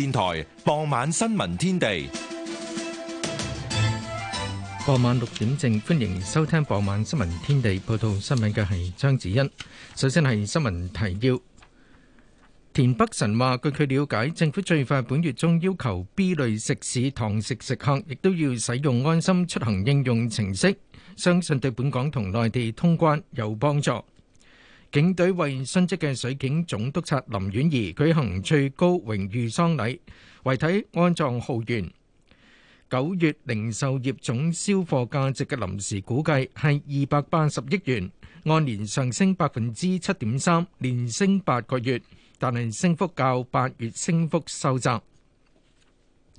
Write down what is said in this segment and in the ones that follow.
電台傍晚新聞天地，傍晚六點正，歡迎收聽傍晚新聞天地。報道新聞嘅係張子欣。首先係新聞提要。田北辰話，據佢了解，政府最快本月中要求 B 類食肆堂食食客亦都要使用安心出行應用程式，相信對本港同內地通關有幫助。警隊為殉職嘅水警總督察林婉儀舉行最高榮譽喪禮，遺體安葬浩園。九月零售業總銷貨價值嘅臨時估計係二百八十億元，按年上升百分之七點三，連升八個月，但係升幅較八月升幅收窄。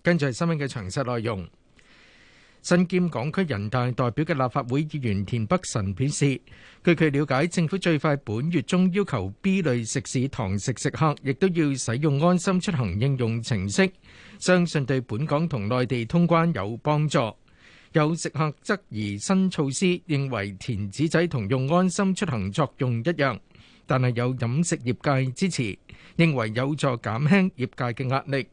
跟住係新聞嘅詳細內容。身兼港區人大代表嘅立法會議員田北辰表示，據佢了解，政府最快本月中要求 B 類食肆堂食食客亦都要使用安心出行應用程式，相信對本港同內地通關有幫助。有食客質疑新措施，認為填紙仔同用安心出行作用一樣，但係有飲食業界支持，認為有助減輕業界嘅壓力。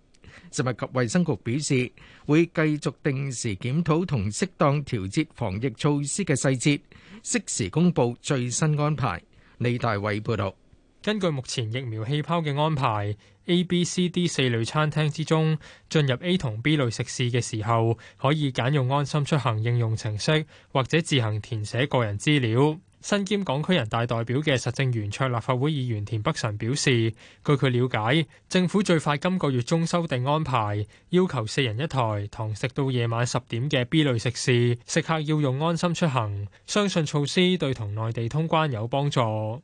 食物及衛生局表示，會繼續定時檢討同適當調節防疫措施嘅細節，適時公布最新安排。李大偉報導。根據目前疫苗氣泡嘅安排，A、B、C、D 四類餐廳之中，進入 A 同 B 類食肆嘅時候，可以揀用安心出行應用程式或者自行填寫個人資料。身兼港區人大代表嘅實政圓桌立法會議員田北辰表示，據佢了解，政府最快今個月中修訂安排，要求四人一台堂食到夜晚十點嘅 B 類食肆，食客要用安心出行。相信措施對同內地通關有幫助。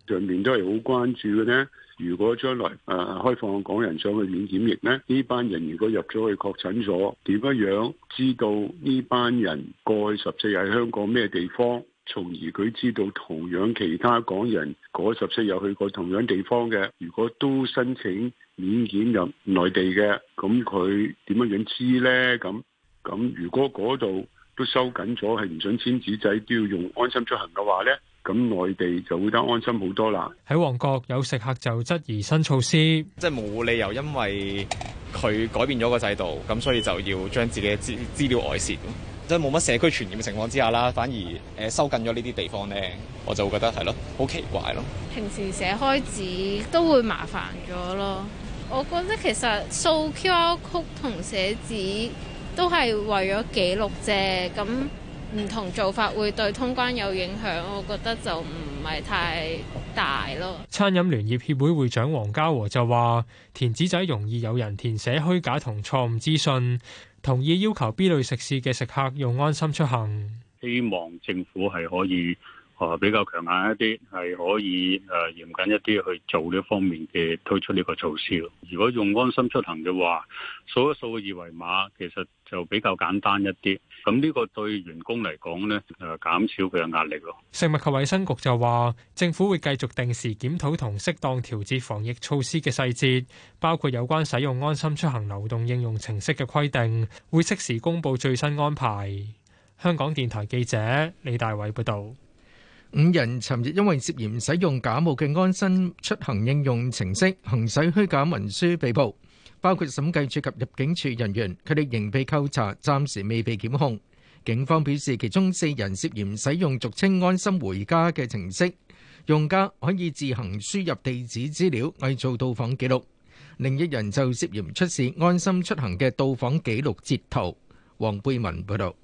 上面都係好關注嘅呢。如果將來誒開放港人想去免檢疫呢，呢班人如果入咗去確診咗，點樣樣知道呢班人過去十四日喺香港咩地方？從而佢知道同樣其他港人嗰十四日去過同樣地方嘅，如果都申請免檢入內地嘅，咁佢點樣樣知呢？咁咁如果嗰度都收緊咗，係唔想簽紙仔都要用安心出行嘅話呢，咁內地就會得安心好多啦。喺旺角有食客就質疑新措施，即係冇理由因為佢改變咗個制度，咁所以就要將自己嘅資資料外泄。即係冇乜社區傳染嘅情況之下啦，反而誒收緊咗呢啲地方咧，我就覺得係咯，好奇怪咯。平時寫開紙都會麻煩咗咯。我覺得其實掃 QR code 同寫紙都係為咗記錄啫，咁唔同做法會對通關有影響，我覺得就唔係太大咯。餐飲聯業協會會長黃家和就話：填紙仔容易有人填寫虛假同錯誤資訊。同意要求 B 類食肆嘅食客用安心出行。希望政府係可以比較強硬一啲，係可以啊嚴謹一啲去做呢方面嘅推出呢個措施。如果用安心出行嘅話，掃一掃個二維碼，其實就比較簡單一啲。咁呢個對員工嚟講呢，誒減少佢嘅壓力咯。食物及衞生局就話，政府會繼續定時檢討同適當調節防疫措施嘅細節，包括有關使用安心出行流動應用程式嘅規定，會適時公布最新安排。香港電台記者李大偉報導。五人尋日因為涉嫌使用假冒嘅安心出行應用程式，行使虛假文書被捕。包括審計署及入境處人員，佢哋仍被扣查，暫時未被檢控。警方表示，其中四人涉嫌使用俗稱安心回家嘅程式，用家可以自行輸入地址資料偽造到訪記錄；另一人就涉嫌出示安心出行嘅到訪記錄截圖。黃貝文報導，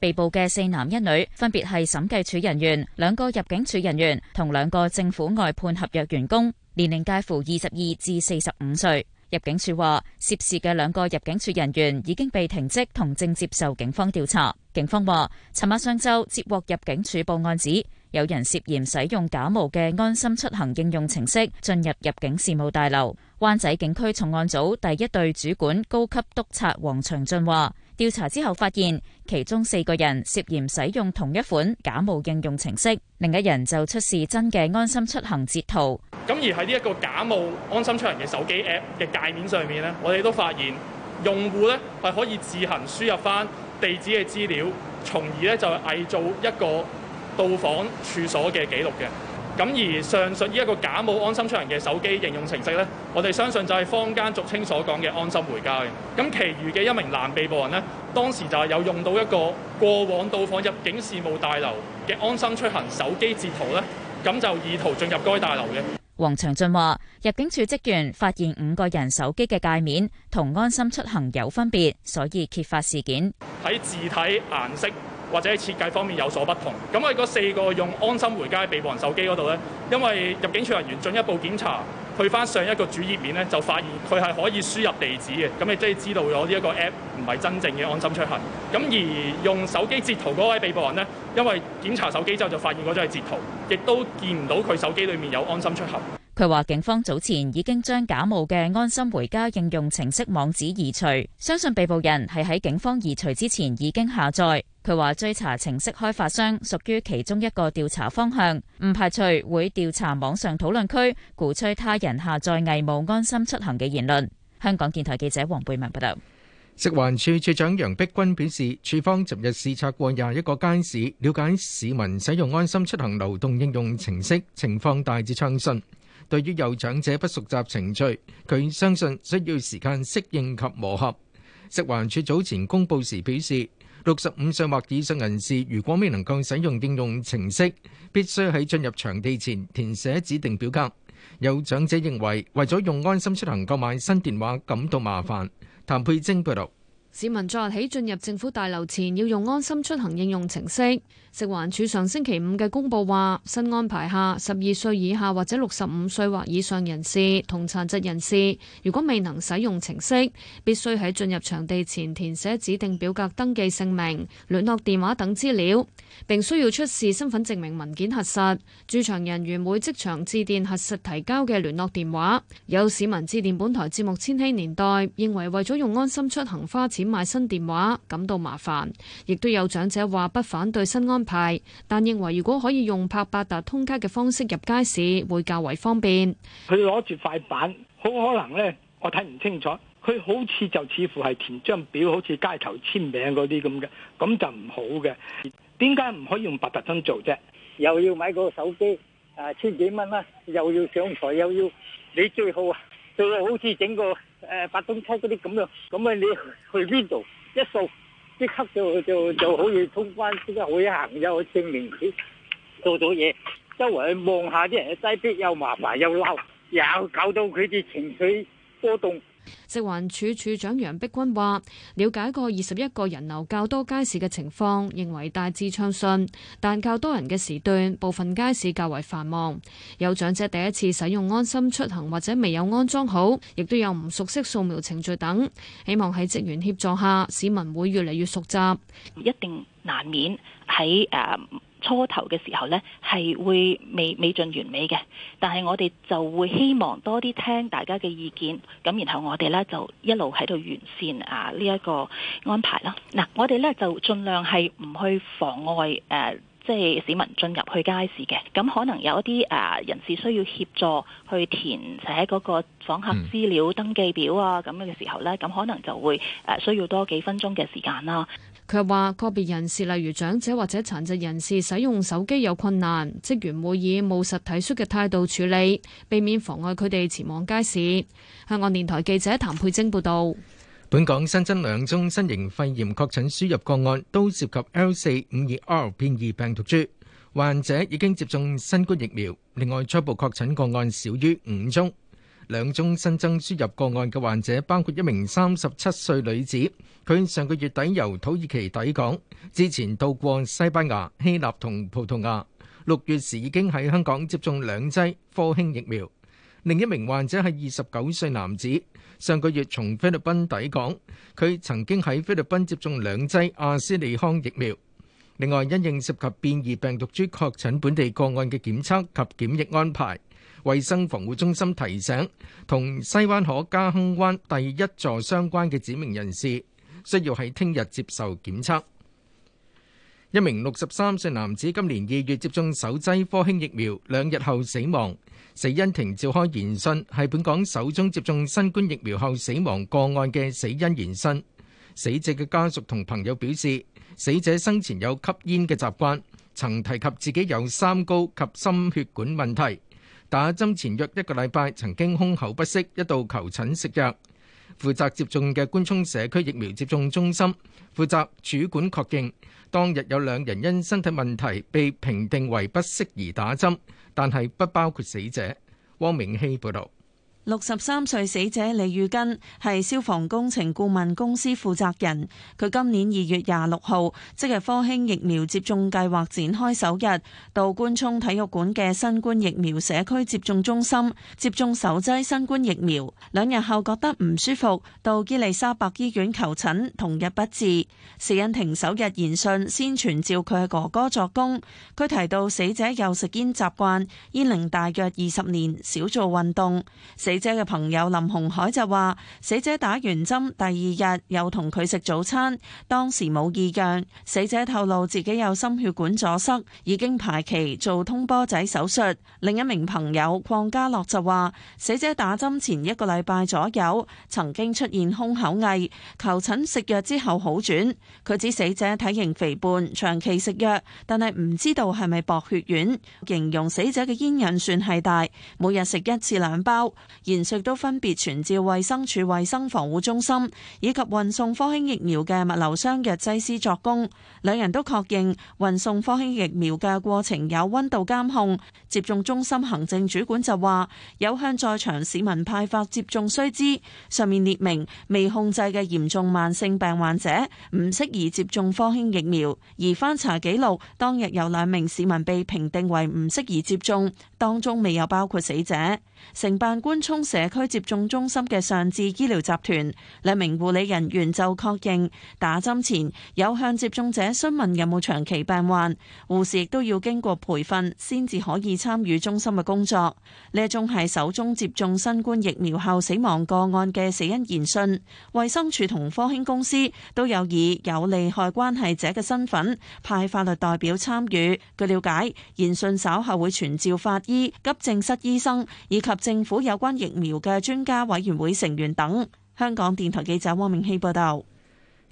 被捕嘅四男一女分別係審計署人員、兩個入境處人員同兩個政府外判合約員工，年齡介乎二十二至四十五歲。入境處話，涉事嘅兩個入境處人員已經被停職，同正接受警方調查。警方話，尋日上晝接獲入境處報案指，指有人涉嫌使用假冒嘅安心出行應用程式進入入境事務大樓。灣仔警區重案組第一隊主管高級督察黃長俊話。調查之後發現，其中四個人涉嫌使用同一款假冒應用程式，另一人就出示真嘅安心出行截圖。咁而喺呢一個假冒安心出行嘅手機 App 嘅界面上面呢，我哋都發現用戶呢係可以自行輸入翻地址嘅資料，從而呢就偽造一個到訪處所嘅記錄嘅。咁而上述呢一個假冒安心出行嘅手機應用程式呢。我哋相信就係坊間俗稱所講嘅安心回家嘅。咁，其餘嘅一名男被捕人咧，當時就係有用到一個過往到訪入境事務大樓嘅安心出行手機截圖咧，咁就意圖進入該大樓嘅。黃長俊話，入境處職員發現五個人手機嘅界面同安心出行有分別，所以揭發事件，喺字體顏色或者設計方面有所不同。咁喺嗰四個用安心回家嘅被捕人手機嗰度咧，因為入境處人員進一步檢查，去翻上一個主頁面咧，就發現佢係可以輸入地址嘅，咁你即係知道咗呢一個 app 唔係真正嘅安心出行。咁而用手機截圖嗰位被捕人咧，因為檢查手機之後就發現嗰張係截圖，亦都見唔到佢手機裡面有安心出行。佢話：警方早前已經將假冒嘅安心回家應用程式網址移除，相信被捕人係喺警方移除之前已經下載。佢話追查程式開發商屬於其中一個調查方向，唔排除會調查網上討論區鼓吹他人下載偽冒安心出行嘅言論。香港電台記者黃貝文報導。食環署處長楊碧君表示，處方昨日視察過廿一個街市，了解市民使用安心出行流動應用程式情況大致暢順。對於有長者不熟習程序，佢相信需要時間適應及磨合。食環署早前公布時表示，65歲或以上人士如果未能夠使用應用程式，必須喺進入場地前填寫指定表格。有長者認為，為咗用安心出行購買新電話感到麻煩。譚佩晶報導，市民昨日喺進入政府大樓前要用安心出行應用程式。食環署上星期五嘅公佈話，新安排下，十二歲以下或者六十五歲或以上人士同殘疾人士，如果未能使用程式，必須喺進入場地前填寫指定表格，登記姓名、聯絡電話等資料，並需要出示身份證明文件核實。駐場人員會即場致電核實提交嘅聯絡電話。有市民致電本台節目《千禧年代》，認為為咗用安心出行花錢買新電話感到麻煩，亦都有長者話不反對新安。派，但認為如果可以用拍八達通卡嘅方式入街市，會較為方便。佢攞住塊板，好可能咧，我睇唔清楚。佢好似就似乎係填張表，好似街頭簽名嗰啲咁嘅，咁就唔好嘅。點解唔可以用八達通做啫？又要買個手機，啊，千幾蚊啦，又要上台，又要你最好啊，最好好似整個誒、啊、八達通嗰啲咁樣，咁啊你去邊度一掃？即刻就就就可以通關，即刻可以行又證明佢做咗嘢，周圍去望下啲人去擠逼，又麻煩又嬲，又搞到佢哋情緒波動。食環署署長楊碧君話：了解過二十一個人流較多街市嘅情況，認為大致暢順，但較多人嘅時段，部分街市較為繁忙。有長者第一次使用安心出行或者未有安裝好，亦都有唔熟悉掃描程序等。希望喺職員協助下，市民會越嚟越熟習，一定難免喺誒。初頭嘅時候呢係會未未盡完美嘅，但係我哋就會希望多啲聽大家嘅意見，咁然後我哋呢就一路喺度完善啊呢一個安排咯。嗱，我哋呢就盡量係唔去妨礙誒，即係市民進入去街市嘅。咁可能有一啲誒人士需要協助去填寫嗰個訪客資料登記表啊，咁嘅時候呢，咁可能就會誒需要多幾分鐘嘅時間啦。佢話：個別人士，例如長者或者殘疾人士，使用手機有困難，職員會以務實體恤嘅態度處理，避免妨礙佢哋前往街市。香港電台記者譚佩晶報導。本港新增兩宗新型肺炎確診輸入個案，都涉及 L 四五二 R 變異病毒株，患者已經接種新冠疫苗。另外，初步確診個案少於五宗。兩宗新增輸入個案嘅患者，包括一名三十七歲女子，佢上個月底由土耳其抵港，之前到過西班牙、希臘同葡萄牙，六月時已經喺香港接種兩劑科興疫苗。另一名患者係二十九歲男子，上個月從菲律賓抵港，佢曾經喺菲律賓接種兩劑阿斯利康疫苗。另外，因應涉及變異病毒株確診本地個案嘅檢測及檢疫安排。衛生防護中心提醒，同西灣河嘉亨灣第一座相關嘅指明人士需要喺聽日接受檢測。一名六十三歲男子今年二月接種首劑科興疫苗，兩日後死亡，死因庭召開研訊，係本港首宗接種新冠疫苗後死亡個案嘅死因研訊。死者嘅家屬同朋友表示，死者生前有吸煙嘅習慣，曾提及自己有三高及心血管問題。打針前約一個禮拜，曾經胸口不適，一度求診食藥。負責接種嘅官涌社區疫苗接種中心負責主管確認，當日有兩人因身體問題被評定為不適宜打針，但係不包括死者。汪明希報導。六十三歲死者李宇根係消防工程顧問公司負責人。佢今年二月廿六號，即係科興疫苗接種計劃展開首日，到觀塘體育館嘅新冠疫苗社區接種中心接種首劑新冠疫苗。兩日後覺得唔舒服，到伊利沙伯醫院求診，同日不治。死因庭首日研訊先傳召佢嘅哥哥作供。佢提到死者有食煙習慣，煙齡大約二十年，少做運動。死死者嘅朋友林洪海就話：死者打完針第二日又同佢食早餐，當時冇異樣。死者透露自己有心血管阻塞，已經排期做通波仔手術。另一名朋友鄺家樂就話：死者打針前一個禮拜左右曾經出現胸口翳，求診食藥之後好轉。佢指死者體型肥胖，長期食藥，但係唔知道係咪薄血丸。形容死者嘅煙癮算係大，每日食一次兩包。研訊都分別傳召衛生署衛生防護中心以及運送科興疫苗嘅物流商嘅藥劑師作供，兩人都確認運送科興疫苗嘅過程有温度監控。接種中心行政主管就話有向在場市民派發接種須知，上面列明未控制嘅嚴重慢性病患者唔適宜接種科興疫苗。而翻查記錄當日有兩名市民被評定為唔適宜接種，當中未有包括死者。承辦官涌社區接種中心嘅上智醫療集團兩名護理人員就確認打針前有向接種者詢問有冇長期病患，護士亦都要經過培訓先至可以參與中心嘅工作。呢一宗係首宗接種新冠疫苗後死亡個案嘅死因言訊，衛生署同科興公司都有以有利害關係者嘅身份派法律代表參與。據了解，言訊稍後會傳召法醫、急症室醫生以及政府有關疫苗嘅專家委員會成員等，香港電台記者汪明希報道。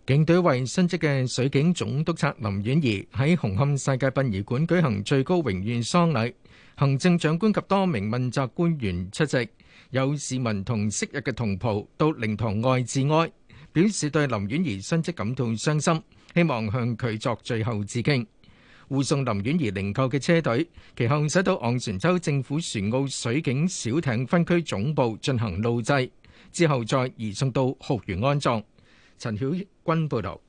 警隊為殉職嘅水警總督察林婉儀喺紅磡世界殯儀館舉行最高榮譽喪禮，行政長官及多名問責官員出席，有市民同昔日嘅同袍到靈堂外致哀，表示對林婉儀殉職感到傷心，希望向佢作最後致敬。護送林婉儀靈柩嘅車隊，其後駛到昂船洲政府船澳水警小艇分區總部進行路祭，之後再移送到浩園安葬。陳曉君報道。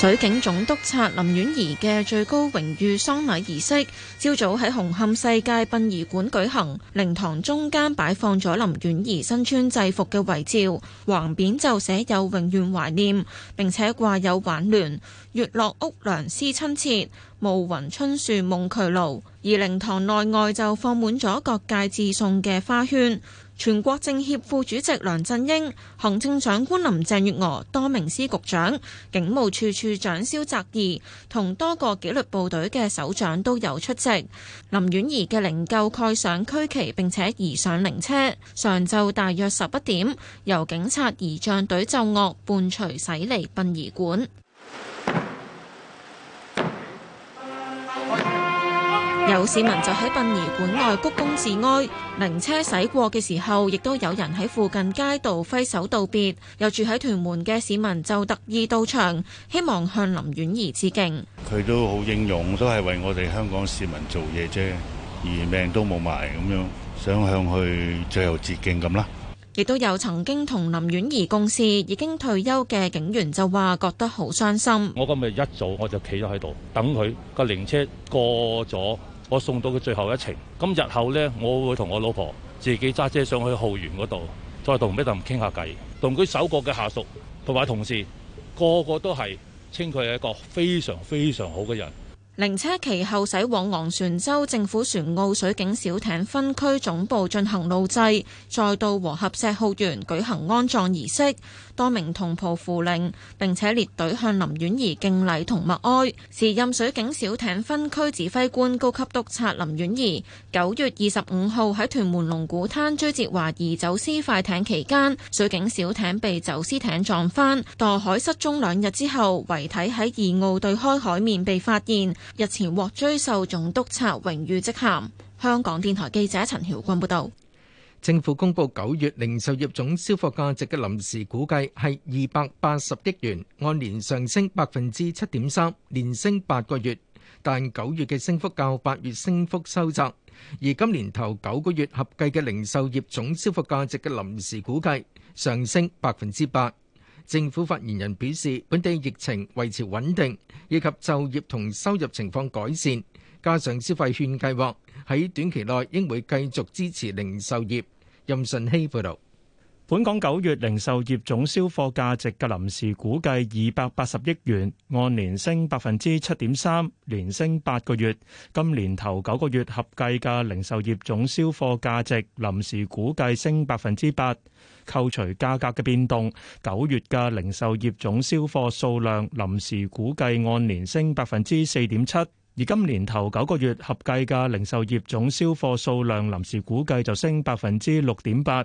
水警總督察林婉儀嘅最高榮譽喪禮儀式，朝早喺紅磡世界殯儀館舉行。靈堂中間擺放咗林婉儀身穿制服嘅遺照，橫匾就寫有永遠懷念，並且掛有挽聯：月落屋梁思親切，暮雲春樹夢驅勞。而靈堂內外就放滿咗各界致送嘅花圈。全國政協副主席梁振英、行政長官林鄭月娥、多名司局長、警務處處長蕭澤頤同多個紀律部隊嘅首長都有出席。林婉儀嘅靈柩蓋上區旗，並且移上靈車。上晝大約十一點，由警察儀仗隊奏樂伴隨駛離殯儀館。有市民就喺殯儀館內鞠躬致哀，靈車駛過嘅時候，亦都有人喺附近街道揮手道別。又住喺屯門嘅市民就特意到場，希望向林婉儀致敬。佢都好英勇，都係為我哋香港市民做嘢啫，而命都冇埋咁樣，想向佢最後致敬咁啦。亦都有曾經同林婉儀共事、已經退休嘅警員就話覺得好傷心。我今日一早我就企咗喺度等佢個靈車過咗。我送到佢最後一程，咁日後咧，我會同我老婆自己揸車上去浩園嗰度，再同 Madam 傾下偈，同佢首個嘅下屬同埋同事，個個都係稱佢係一個非常非常好嘅人。靈車其後駛往昂船洲政府船澳水警小艇分區總部進行路祭，再到和合石浩園舉行安葬儀式。多名同袍扶靈，並且列隊向林婉儀敬禮同默哀。時任水警小艇分區指揮官、高級督察林婉儀，九月二十五號喺屯門龍鼓灘追截懷疑走私快艇期間，水警小艇被走私艇撞翻，墮海失蹤兩日之後遺體喺二澳對開海面被發現。日前獲追授總督察榮譽職銜，香港電台記者陳曉君報道。政府公布九月零售業總銷貨價值嘅臨時估計係二百八十億元，按年上升百分之七點三，連升八個月。但九月嘅升幅較八月升幅收窄，而今年頭九個月合計嘅零售業總銷貨價值嘅臨時估計上升百分之八。政府發言人表示，本地疫情維持穩定，以及就業同收入情況改善。加上消費券計劃喺短期內應會繼續支持零售業。任順熙報導，本港九月零售業總銷貨價值嘅臨時估計二百八十億元，按年升百分之七點三，連升八個月。今年頭九個月合計嘅零售業總銷貨價值臨時估計升百分之八，扣除價格嘅變動，九月嘅零售業總銷貨數量臨時估計按年升百分之四點七。而今年頭九個月合計嘅零售業總銷貨數量，臨時估計就升百分之六點八。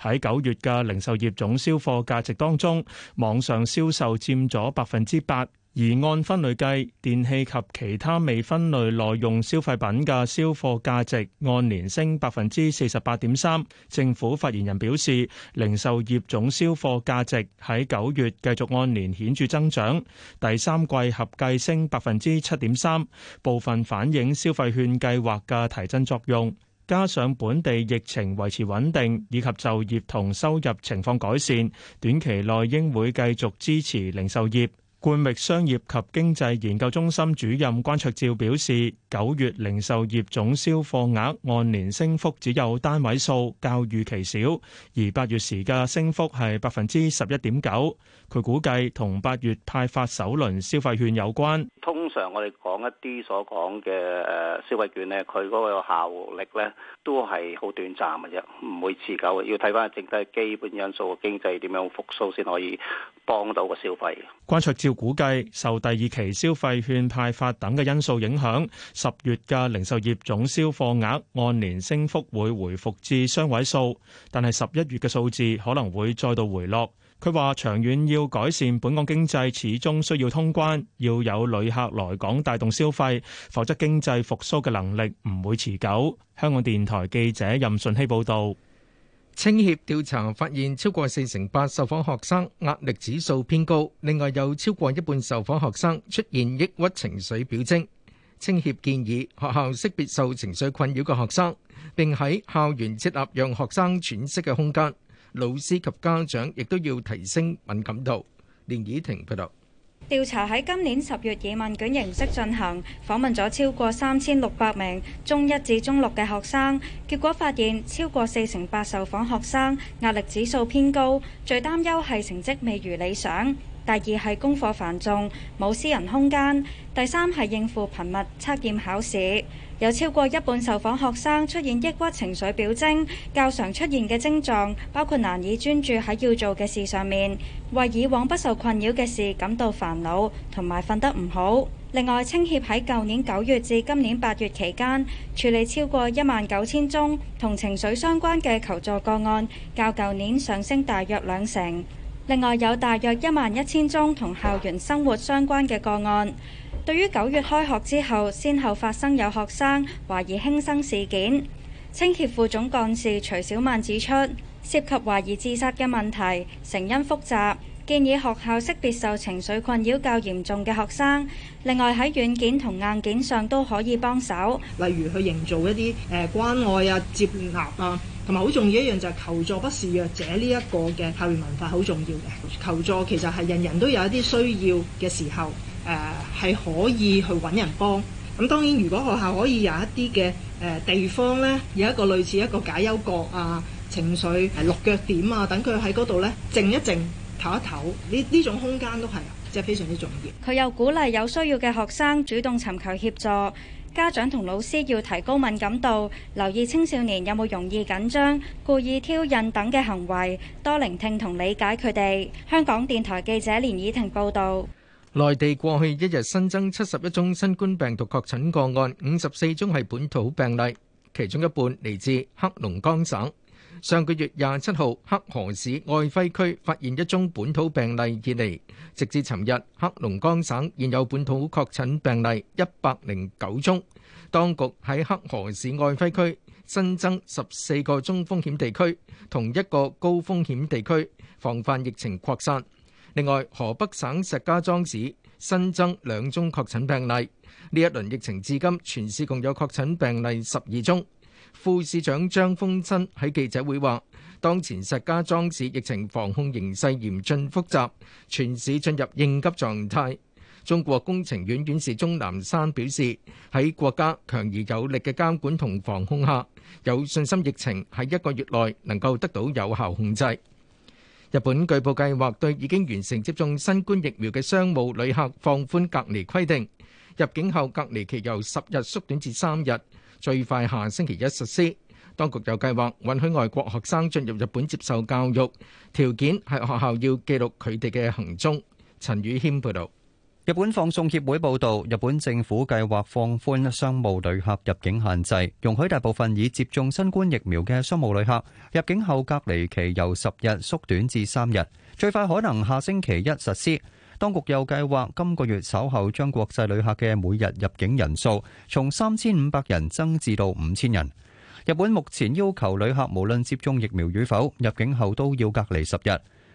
喺九月嘅零售業總銷貨價值當中，網上銷售佔咗百分之八。而按分類計，電器及其他未分類耐用消費品嘅銷貨價值按年升百分之四十八點三。政府發言人表示，零售業總銷貨價值喺九月繼續按年顯著增長，第三季合計升百分之七點三，部分反映消費券計劃嘅提振作用，加上本地疫情維持穩定以及就業同收入情況改善，短期內應會繼續支持零售業。冠域商業及經濟研究中心主任關卓照表示，九月零售業總銷貨額按年升幅只有單位數，較預期少。而八月時嘅升幅係百分之十一點九。佢估計同八月派發首輪消費券有關。通常我哋講一啲所講嘅誒消費券咧，佢嗰個效力咧都係好短暫嘅啫，唔會持久嘅。要睇翻剩低基本因素嘅經濟點樣復蘇先可以幫到個消費。關卓照。估計受第二期消費券派發等嘅因素影響，十月嘅零售業總銷貨額按年升幅會回復至雙位數，但係十一月嘅數字可能會再度回落。佢話長遠要改善本港經濟，始終需要通關，要有旅客來港帶動消費，否則經濟復蘇嘅能力唔會持久。香港電台記者任順希報道。青協調查發現，超過四成八受訪學生壓力指數偏高，另外有超過一半受訪學生出現抑鬱情緒表徵。青協建議學校識別受情緒困擾嘅學生，並喺校園設立讓學生喘息嘅空間，老師及家長亦都要提升敏感度。連綺婷報道。調查喺今年十月以問卷形式進行，訪問咗超過三千六百名中一至中六嘅學生，結果發現超過四成八受訪學生壓力指數偏高，最擔憂係成績未如理想，第二係功課繁重，冇私人空間，第三係應付頻密測驗考試。有超過一半受訪學生出現抑鬱情緒表徵，較常出現嘅症狀包括難以專注喺要做嘅事上面，為以往不受困擾嘅事感到煩惱，同埋瞓得唔好。另外，青協喺舊年九月至今年八月期間，處理超過一萬九千宗同情緒相關嘅求助個案，較舊年上升大約兩成。另外，有大約一萬一千宗同校園生活相關嘅個案。對於九月開學之後，先後發生有學生懷疑輕生事件，青協副總幹事徐小曼指出，涉及懷疑自殺嘅問題，成因複雜，建議學校識別受情緒困擾較嚴重嘅學生。另外喺軟件同硬件上都可以幫手，例如去營造一啲誒關愛啊、接納啊，同埋好重要一樣就係求助不是弱者呢一個嘅校園文化，好重要嘅求助其實係人人都有一啲需要嘅時候。誒係、啊、可以去揾人幫咁、啊。當然，如果學校可以有一啲嘅誒地方呢，有一個類似一個解憂角啊、情緒落腳點啊，等佢喺嗰度呢靜一靜、唞一唞，呢呢種空間都係即係非常之重要。佢又鼓勵有需要嘅學生主動尋求協助，家長同老師要提高敏感度，留意青少年有冇容易緊張、故意挑釁等嘅行為，多聆聽同理解佢哋。香港電台記者連以婷報導。內地過去一日新增七十一宗新冠病毒確診個案，五十四宗係本土病例，其中一半嚟自黑龍江省。上個月廿七號，黑河市愛輝區發現一宗本土病例以嚟，直至尋日，黑龍江省現有本土確診病例一百零九宗。當局喺黑河市愛輝區新增十四個中風險地區，同一個高風險地區，防範疫情擴散。另外，河北省石家莊市新增兩宗確診病例，呢一輪疫情至今全市共有確診病例十二宗。副市長張峰真喺記者會話，當前石家莊市疫情防控形勢嚴峻複雜，全市進入應急狀態。中國工程院院士鐘南山表示，喺國家強而有力嘅監管同防控下，有信心疫情喺一個月內能夠得到有效控制。日本據報計劃對已經完成接種新冠疫苗嘅商務旅客放寬隔離規定，入境後隔離期由十日縮短至三日，最快下星期一實施。當局又計劃允許外國學生進入日本接受教育，條件係學校要記錄佢哋嘅行蹤。陳宇謙報道。日本放送協會報道，日本政府計劃放寬商務旅客入境限制，容許大部分已接種新冠疫苗嘅商務旅客入境後隔離期由十日縮短至三日，最快可能下星期一實施。當局又計劃今個月稍後將國際旅客嘅每日入境人數從三千五百人增至到五千人。日本目前要求旅客無論接種疫苗與否，入境後都要隔離十日。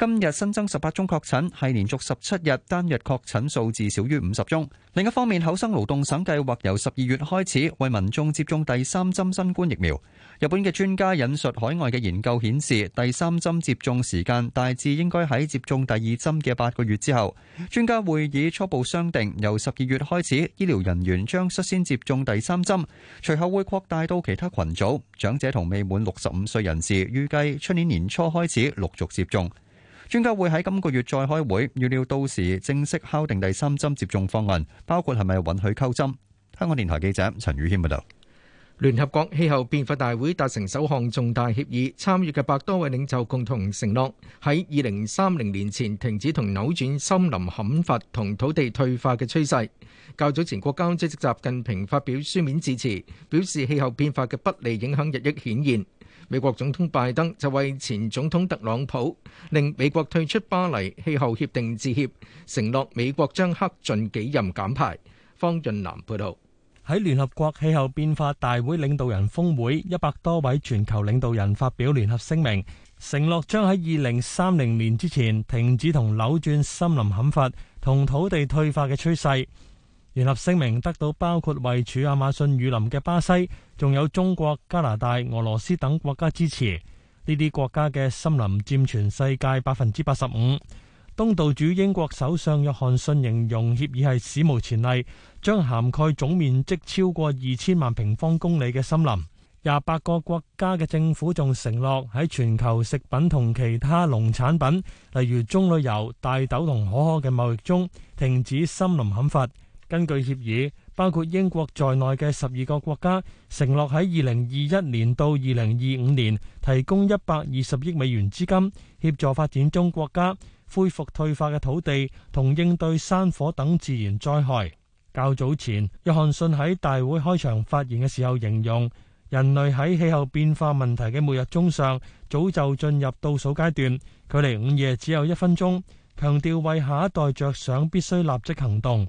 今日新增十八宗確診，係連續十七日單日確診數字少於五十宗。另一方面，厚生勞動省計劃由十二月開始為民眾接種第三針新冠疫苗。日本嘅專家引述海外嘅研究顯示，第三針接種時間大致應該喺接種第二針嘅八個月之後。專家會議初步商定，由十二月開始，醫療人員將率先接種第三針，隨後會擴大到其他群組，長者同未滿六十五歲人士，預計出年年初開始陸續接種。專家會喺今個月再開會，預料到時正式敲定第三針接種方案，包括係咪允許溝針。香港電台記者陳宇軒報導。聯合國氣候變化大會達成首項重大協議，參與嘅百多位領袖共同承諾，喺二零三零年前停止同扭轉森林砍伐同土地退化嘅趨勢。較早前國家主席習近平發表書面致辭，表示氣候變化嘅不利影響日益顯現。美國總統拜登就為前總統特朗普令美國退出巴黎氣候協定致歉，承諾美國將克盡幾任減排。方潤南報道：喺聯合國氣候變化大會領導人峰會，一百多位全球領導人發表聯合聲明，承諾將喺二零三零年之前停止同扭轉森林砍伐同土地退化嘅趨勢。聯合聲明得到包括位處亞馬遜雨林嘅巴西。仲有中國、加拿大、俄羅斯等國家支持，呢啲國家嘅森林佔全世界百分之八十五。東道主英國首相約翰遜形容協議係史無前例，將涵蓋總面積超過二千萬平方公里嘅森林。廿八個國家嘅政府仲承諾喺全球食品同其他農產品，例如棕櫚油、大豆同可可嘅貿易中，停止森林砍伐。根據協議，包括英國在內嘅十二個國家承諾喺二零二一年到二零二五年提供一百二十億美元資金，協助發展中國家恢復退化嘅土地同應對山火等自然災害。較早前，約翰遜喺大會開場發言嘅時候形容，人類喺氣候變化問題嘅末日鐘上，早就進入倒數階段，距離午夜只有一分鐘，強調為下一代着想，必須立即行動。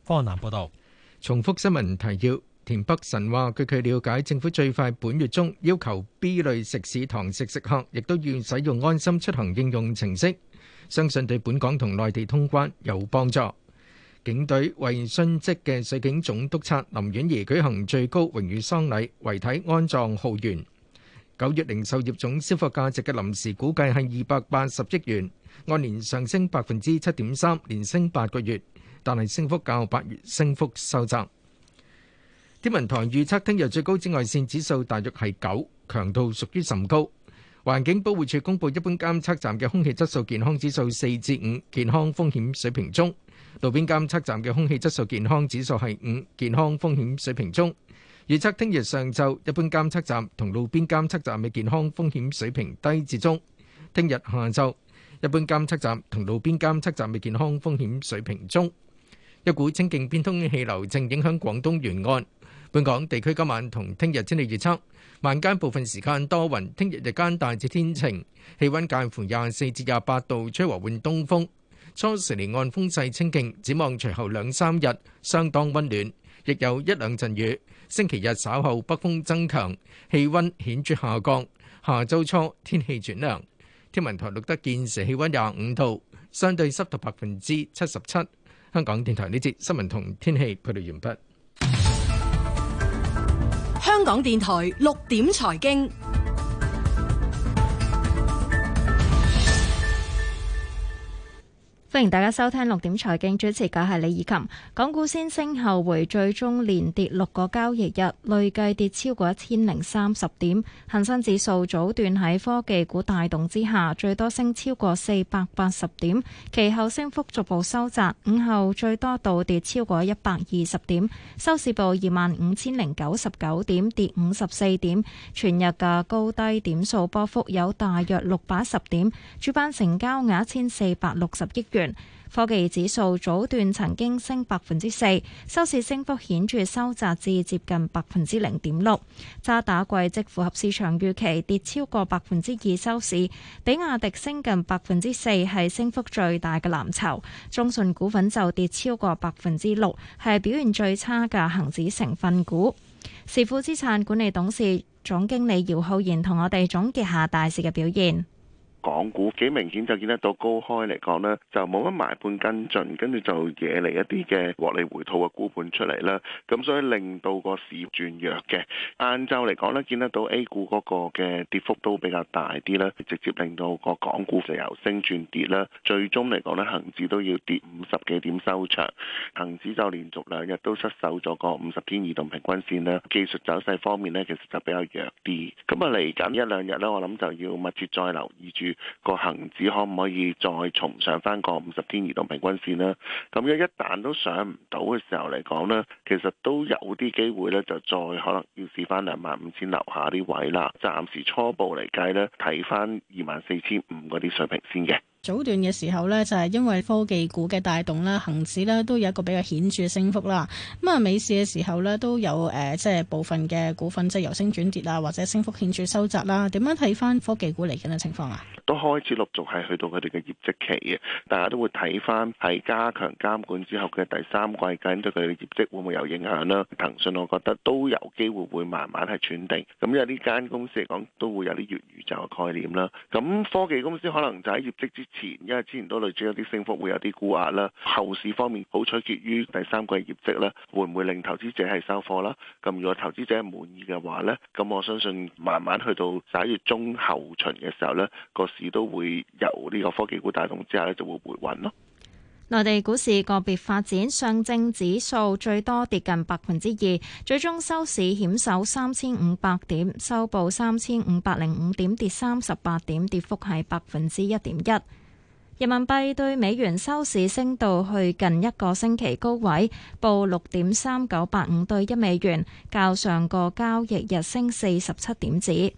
安南報道，重複新聞提要。田北辰話，據佢了解，政府最快本月中要求 B 類食肆堂食食客亦都要使用安心出行應用程式，相信對本港同內地通關有幫助。警隊為殉職嘅水警總督察林婉儀舉行最高榮譽喪禮，遺體安葬浩園。九月零售業總消費價值嘅臨時估計係二百八十億元，按年上升百分之七點三，連升八個月。但係升幅較八月升幅收窄。天文台預測聽日最高紫外線指數大約係九，強度屬於甚高。環境保護署公布一般監測站嘅空氣質素健康指數四至五，健康風險水平中；路邊監測站嘅空氣質素健康指數係五，健康風險水平中。預測聽日上晝一般監測站同路邊監測站嘅健康風險水平低至中；聽日下晝一般監測站同路邊監測站嘅健康風險水平中。一股清勁偏東氣流正影響廣東沿岸，本港地區今晚同聽日天氣預測：晚間部分時間多雲，聽日日間大致天晴，氣温介乎廿四至廿八度，吹和緩東風。初時離岸風勢清勁，展望隨後兩三日相當温暖，亦有一兩陣雨。星期日稍後北風增強，氣温顯著下降。下周初天氣轉涼。天文台錄得現時氣温廿五度，相對濕度百分之七十七。香港電台呢節新聞同天氣報道完畢。香港電台六點財經。歡迎大家收聽六點財經，主持嘅係李以琴。港股先升後回，最終連跌六個交易日，累計跌超過一千零三十點。恒生指數早段喺科技股帶動之下，最多升超過四百八十點，其後升幅逐步收窄。午後最多倒跌超過一百二十點，收市報二萬五千零九十九點，跌五十四點。全日嘅高低點數波幅有大約六百一十點。主板成交額一千四百六十億元。科技指數早段曾經升百分之四，收市升幅顯著收窄至接近百分之零點六。渣打季績，符合市場預期，跌超過百分之二收市。比亞迪升近百分之四係升幅最大嘅藍籌，中信股份就跌超過百分之六係表現最差嘅恒指成分股。時富資產管理董事總經理姚浩然同我哋總結下大市嘅表現。港股幾明顯就見得到高開嚟講咧，就冇乜買盤跟進，跟住就惹嚟一啲嘅獲利回吐嘅沽盤出嚟啦。咁所以令到個市轉弱嘅。晏晝嚟講呢，見得到 A 股嗰個嘅跌幅都比較大啲啦，直接令到個港股就由升轉跌啦。最終嚟講呢，恒指都要跌五十幾點收場，恒指就連續兩日都失守咗個五十天移動平均線啦。技術走勢方面呢，其實就比較弱啲。咁啊，嚟緊一兩日呢，我諗就要密切再留意住。個恒指可唔可以再重上翻個五十天移動平均線呢？咁樣一旦都上唔到嘅時候嚟講呢，其實都有啲機會呢，就再可能要試翻兩萬五千樓下啲位啦。暫時初步嚟計呢，睇翻二萬四千五嗰啲水平先嘅。早段嘅時候呢，就係、是、因為科技股嘅帶動啦，恒指呢都有一個比較顯著嘅升幅啦。咁啊，美市嘅時候呢，都有誒、呃，即係部分嘅股份即係由升轉跌啊，或者升幅顯著收窄啦。點樣睇翻科技股嚟緊嘅情況啊？都開始陸續係去到佢哋嘅業績期嘅，大家都會睇翻係加強監管之後嘅第三季，究竟對佢哋嘅業績會唔會有影響啦。騰訊我覺得都有機會會慢慢係轉定，咁因為呢間公司嚟講都會有啲粵語就嘅概念啦。咁科技公司可能就喺業績之。前，因為之前都累積有啲升幅，會有啲沽壓啦。後市方面，好取決於第三季業績啦，會唔會令投資者係收貨啦？咁如果投資者滿意嘅話咧，咁我相信慢慢去到十一月中後旬嘅時候咧，個市都會由呢個科技股帶動之下咧，就會回穩咯。內地股市個別發展，上證指數最多跌近百分之二，最終收市險守三千五百點，收報三千五百零五點，跌三十八點，跌幅係百分之一點一。人民幣對美元收市升到去近一個星期高位，報六點三九八五對一美元，較上個交易日升四十七點子。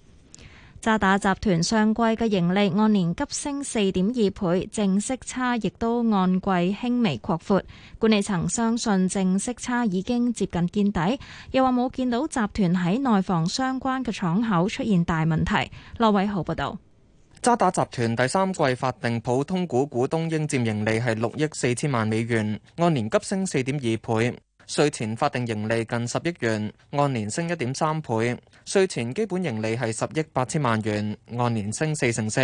渣打集團上季嘅盈利按年急升四點二倍，淨息差亦都按季輕微擴闊。管理層相信淨息差已經接近見底，又話冇見到集團喺內房相關嘅敞口出現大問題。羅偉豪報導。渣打集團第三季法定普通股股東應佔盈利係六億四千萬美元，按年急升四點二倍；稅前法定盈利近十億元，按年升一點三倍；稅前基本盈利係十億八千萬元，按年升四成四。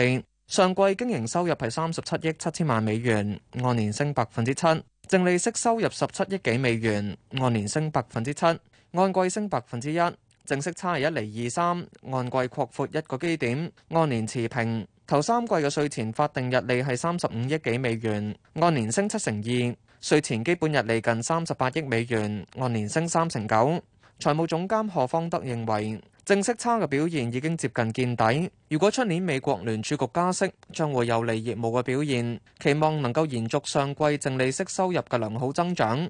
上季經營收入係三十七億七千萬美元，按年升百分之七；淨利息收入十七億幾美元，按年升百分之七，按季升百分之一。淨息差係一釐二三，按季擴闊一個基點，按年持平。頭三季嘅稅前法定日利係三十五億幾美元，按年升七成二。稅前基本日利近三十八億美元，按年升三成九。財務總監何方德認為，淨息差嘅表現已經接近見底。如果出年美國聯儲局加息，將會有利業務嘅表現。期望能夠延續上季淨利息收入嘅良好增長。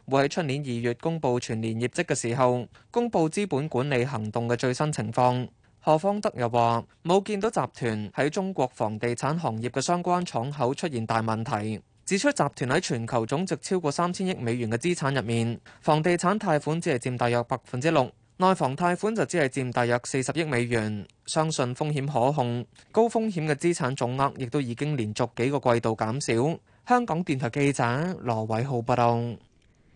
會喺出年二月公布全年業績嘅時候，公布資本管理行動嘅最新情況。何方德又話冇見到集團喺中國房地產行業嘅相關敞口出現大問題，指出集團喺全球總值超過三千億美元嘅資產入面，房地產貸款只係佔大約百分之六，內房貸款就只係佔大約四十億美元，相信風險可控。高風險嘅資產總額亦都已經連續幾個季度減少。香港電台記者羅偉浩報道。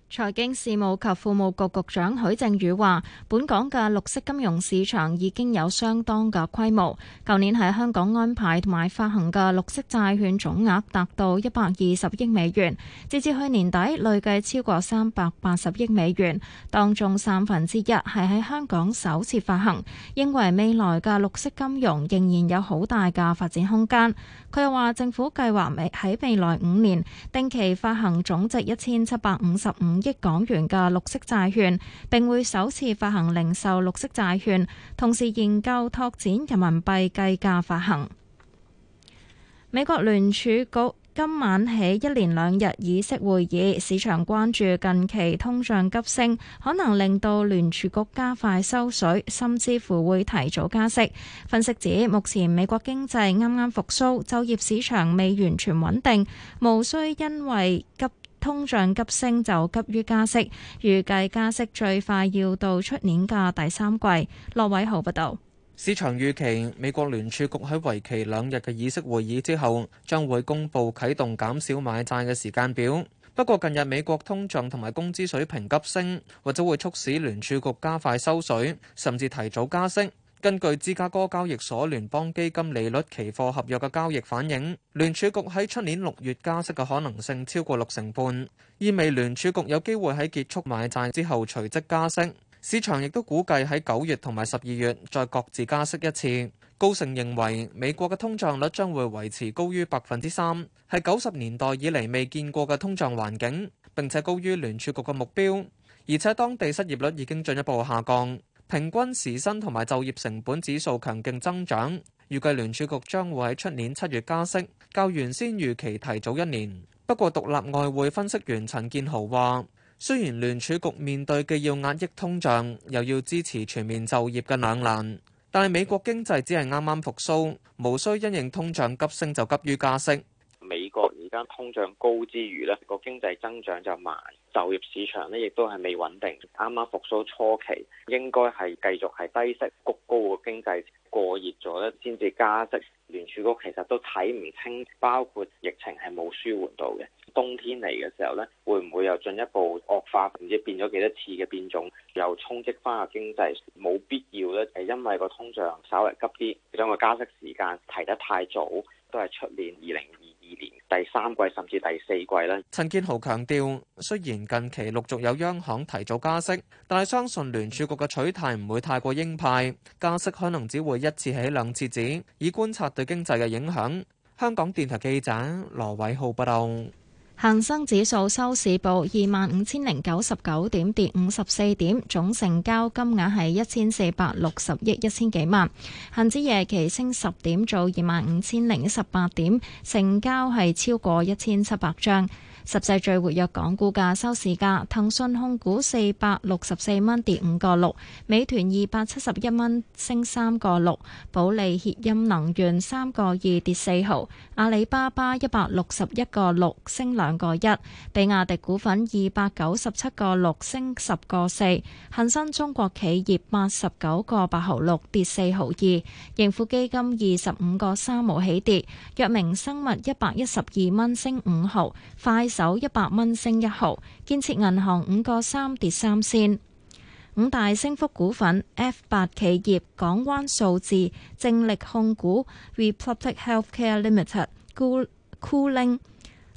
財經事務及庫務局局長許正宇話：本港嘅綠色金融市場已經有相當嘅規模。舊年喺香港安排同埋發行嘅綠色債券總額達到一百二十億美元，截至去年底累計超過三百八十億美元，當中三分之一係喺香港首次發行。認為未來嘅綠色金融仍然有好大嘅發展空間。佢又話：政府計劃未喺未來五年定期發行總值一千七百五十五億港元嘅綠色債券，並會首次發行零售綠色債券，同時研究拓展人民幣計價發行。美國聯儲局今晚起一連兩日議息會議，市場關注近期通脹急升，可能令到聯儲局加快收水，甚至乎會提早加息。分析指，目前美國經濟啱啱復蘇，就業市場未完全穩定，無需因為急。通脹急升就急於加息，預計加息最快要到出年嘅第三季。羅偉豪報導。市場預期美國聯儲局喺為期兩日嘅議息會議之後，將會公布啟動減少買債嘅時間表。不過，近日美國通脹同埋工資水平急升，或者會促使聯儲局加快收水，甚至提早加息。根據芝加哥交易所聯邦基金利率期貨合約嘅交易反映，聯儲局喺出年六月加息嘅可能性超過六成半，意味聯儲局有機會喺結束買債之後隨即加息。市場亦都估計喺九月同埋十二月再各自加息一次。高盛認為美國嘅通脹率將會維持高於百分之三，係九十年代以嚟未見過嘅通脹環境，並且高於聯儲局嘅目標，而且當地失業率已經進一步下降。平均時薪同埋就業成本指數強勁增長，預計聯儲局將會喺出年七月加息，較原先預期提早一年。不過，獨立外匯分析員陳建豪話，雖然聯儲局面對既要壓抑通脹，又要支持全面就業嘅兩難，但係美國經濟只係啱啱復甦，無需因應通脹急升就急於加息。而通脹高之餘咧，個經濟增長就慢，就業市場咧亦都係未穩定。啱啱復甦初期，應該係繼續係低息谷高嘅經濟過熱咗咧，先至加息。聯儲局其實都睇唔清，包括疫情係冇舒緩到嘅。冬天嚟嘅時候咧，會唔會又進一步惡化，唔知變咗幾多次嘅變種，又衝擊翻個經濟？冇必要咧，係因為個通脹稍微急啲，將個加息時間提得太早，都係出年二零二二年第三季甚至第四季啦，陳建豪強調，雖然近期陸續有央行提早加息，但係相信聯儲局嘅取態唔會太過鷹派，加息可能只會一次起兩次止，以觀察對經濟嘅影響。香港電台記者羅偉浩報道。恒生指數收市報二萬五千零九十九點，跌五十四點，總成交金額係一千四百六十億一千幾萬。恒指夜期升十點，做二萬五千零一十八點，成交係超過一千七百張。十四最活躍港股價收市價，騰訊控股四百六十四蚊跌五個六，美團二百七十一蚊升三個六，保利協鑫能源三個二跌四毫，阿里巴巴一百六十一個六升兩個一，比亞迪股份二百九十七個六升十個四，恆生中國企業八十九個八毫六跌四毫二，盈富基金二十五個三毫起跌，藥明生物一百一十二蚊升五毫，快走一百蚊升一毫，建設銀行五個三跌三仙。五大升幅股份：F 八企業、港灣數字、正力控股、Republic Healthcare Limited cool、Cooling；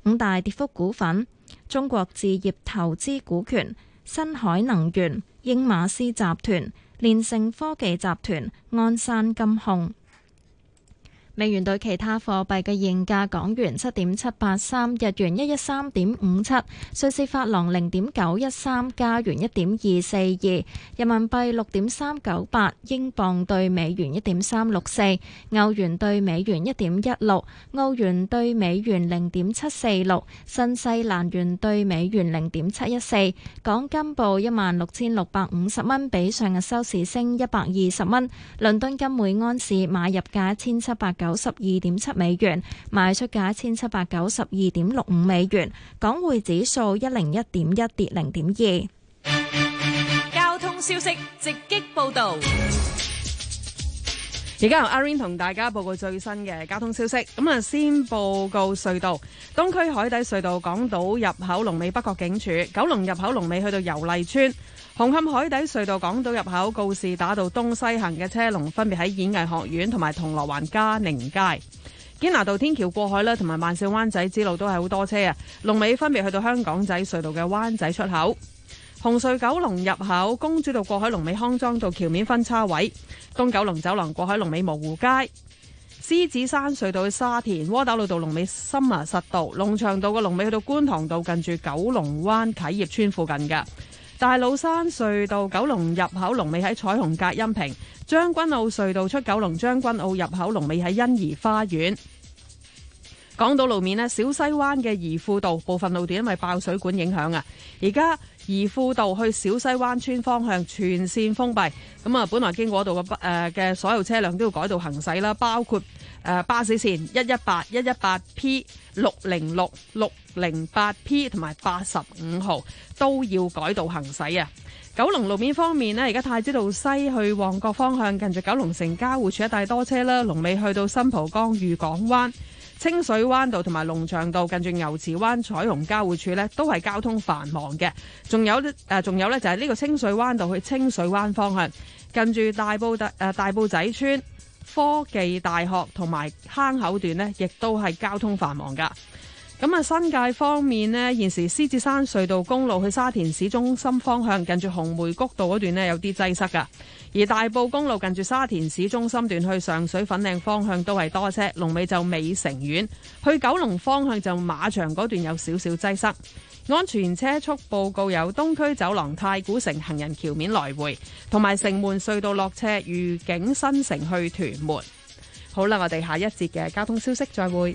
五大跌幅股份：中國置業投資股權、新海能源、英馬斯集團、聯盛科技集團、鞍山金控。美元對其他貨幣嘅現價：港元七點七八三，日元一一三點五七，瑞士法郎零點九一三，加元一點二四二，人民幣六點三九八，英鎊對美元一點三六四，歐元對美元一點一六，歐元對美元零點七四六，新西蘭元對美元零點七一四。港金報一萬六千六百五十蚊，比上日收市升一百二十蚊。倫敦金每安士買入價一千七百九九十二點七美元，賣出價一千七百九十二點六五美元，港匯指數一零一點一跌零點二。交通消息直擊報道。而家由阿 rain 同大家報告最新嘅交通消息。咁啊，先報告隧道，東區海底隧道港島入口龍尾北角警署；九龍入口龍尾去到油麗邨；紅磡海底隧道港島入口告士打道東西行嘅車龍分別喺演藝學院同埋銅鑼灣加寧街；堅拿道天橋過海啦，同埋慢線灣仔之路都係好多車啊！龍尾分別去到香港仔隧道嘅灣仔出口。紅隧九龍入口，公主道過海龍尾康莊道橋面分叉位；東九龍走廊過海龍尾蕪湖街；獅子山隧道去沙田窩打老道龍尾森麻實道；龍翔道嘅龍尾去到觀塘道近住九龍灣啟業村附近嘅，大老山隧道九龍入口龍尾喺彩虹隔音屏；將軍澳隧道出九龍將軍澳入口龍尾喺欣怡花園。港島路面呢，小西灣嘅怡富道部分路段因為爆水管影響啊，而家。而富道去小西灣村方向全線封閉，咁啊，本來經過度嘅不誒嘅所有車輛都要改道行駛啦，包括誒、呃、巴士綫一一八、一一八 P、六零六、六零八 P 同埋八十五號都要改道行駛啊！九龍路面方面呢，而家太子道西去旺角方向近九龍住九龍城交匯處一帶多車啦，龍尾去到新蒲崗、御港灣。清水灣道同埋龍翔道近住牛池灣彩虹交匯處，呢都係交通繁忙嘅。仲有呢，誒、呃，仲有呢，就係呢個清水灣道去清水灣方向，近住大埔大誒、呃、大埔仔村科技大學同埋坑口段呢亦都係交通繁忙噶。咁啊，新界方面咧，現時獅子山隧道公路去沙田市中心方向，近住紅梅谷道嗰段咧有啲擠塞噶；而大埔公路近住沙田市中心段去上水粉嶺方向都係多車，龍尾就美城苑去九龍方向就馬場嗰段有少少擠塞。安全車速報告有東區走廊、太古城行人橋面來回，同埋城門隧道落車，愉景新城去屯門。好啦，我哋下一節嘅交通消息再會。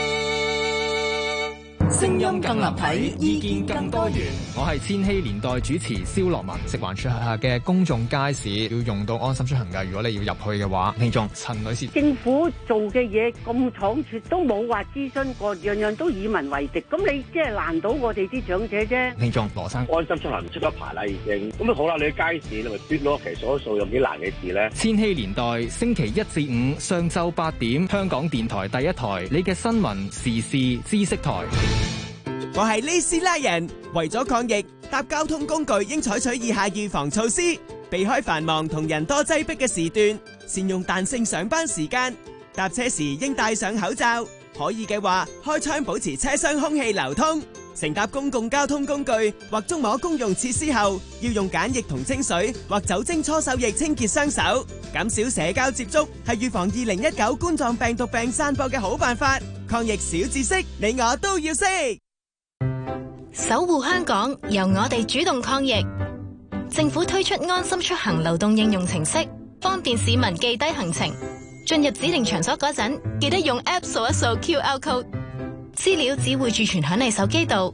聲音更立體，意見更多元。我係千禧年代主持蕭樂文，食環署轄下嘅公眾街市要用到安心出行嘅，如果你要入去嘅話，聽眾陳女士，政府做嘅嘢咁倉促，都冇話諮詢過，樣樣都以民為敵，咁你即係難倒我哋啲長者啫。聽眾羅生，安心出行出咗排啦已經，咁啊好啦，你街市你咪脫攞其所，有幾難嘅事咧。千禧年代星期一至五上晝八點，香港電台第一台，你嘅新聞時事知識台。我係李斯拉人，為咗抗疫，搭交通工具應採取以下預防措施：避開繁忙同人多擠迫嘅時段，善用彈性上班時間。搭車時應戴上口罩，可以嘅話開窗保持車廂空氣流通。乘搭公共交通工具或觸摸公用設施後，要用梘液同清水或酒精搓手液清潔雙手。減少社交接觸係預防二零一九冠狀病毒病散播嘅好辦法。抗疫小知識，你我都要識。守護香港，由我哋主動抗疫。政府推出安心出行流動應用程式，方便市民記低行程。進入指定場所嗰陣，記得用 App 掃一掃 QR code，資料只會儲存喺你手機度。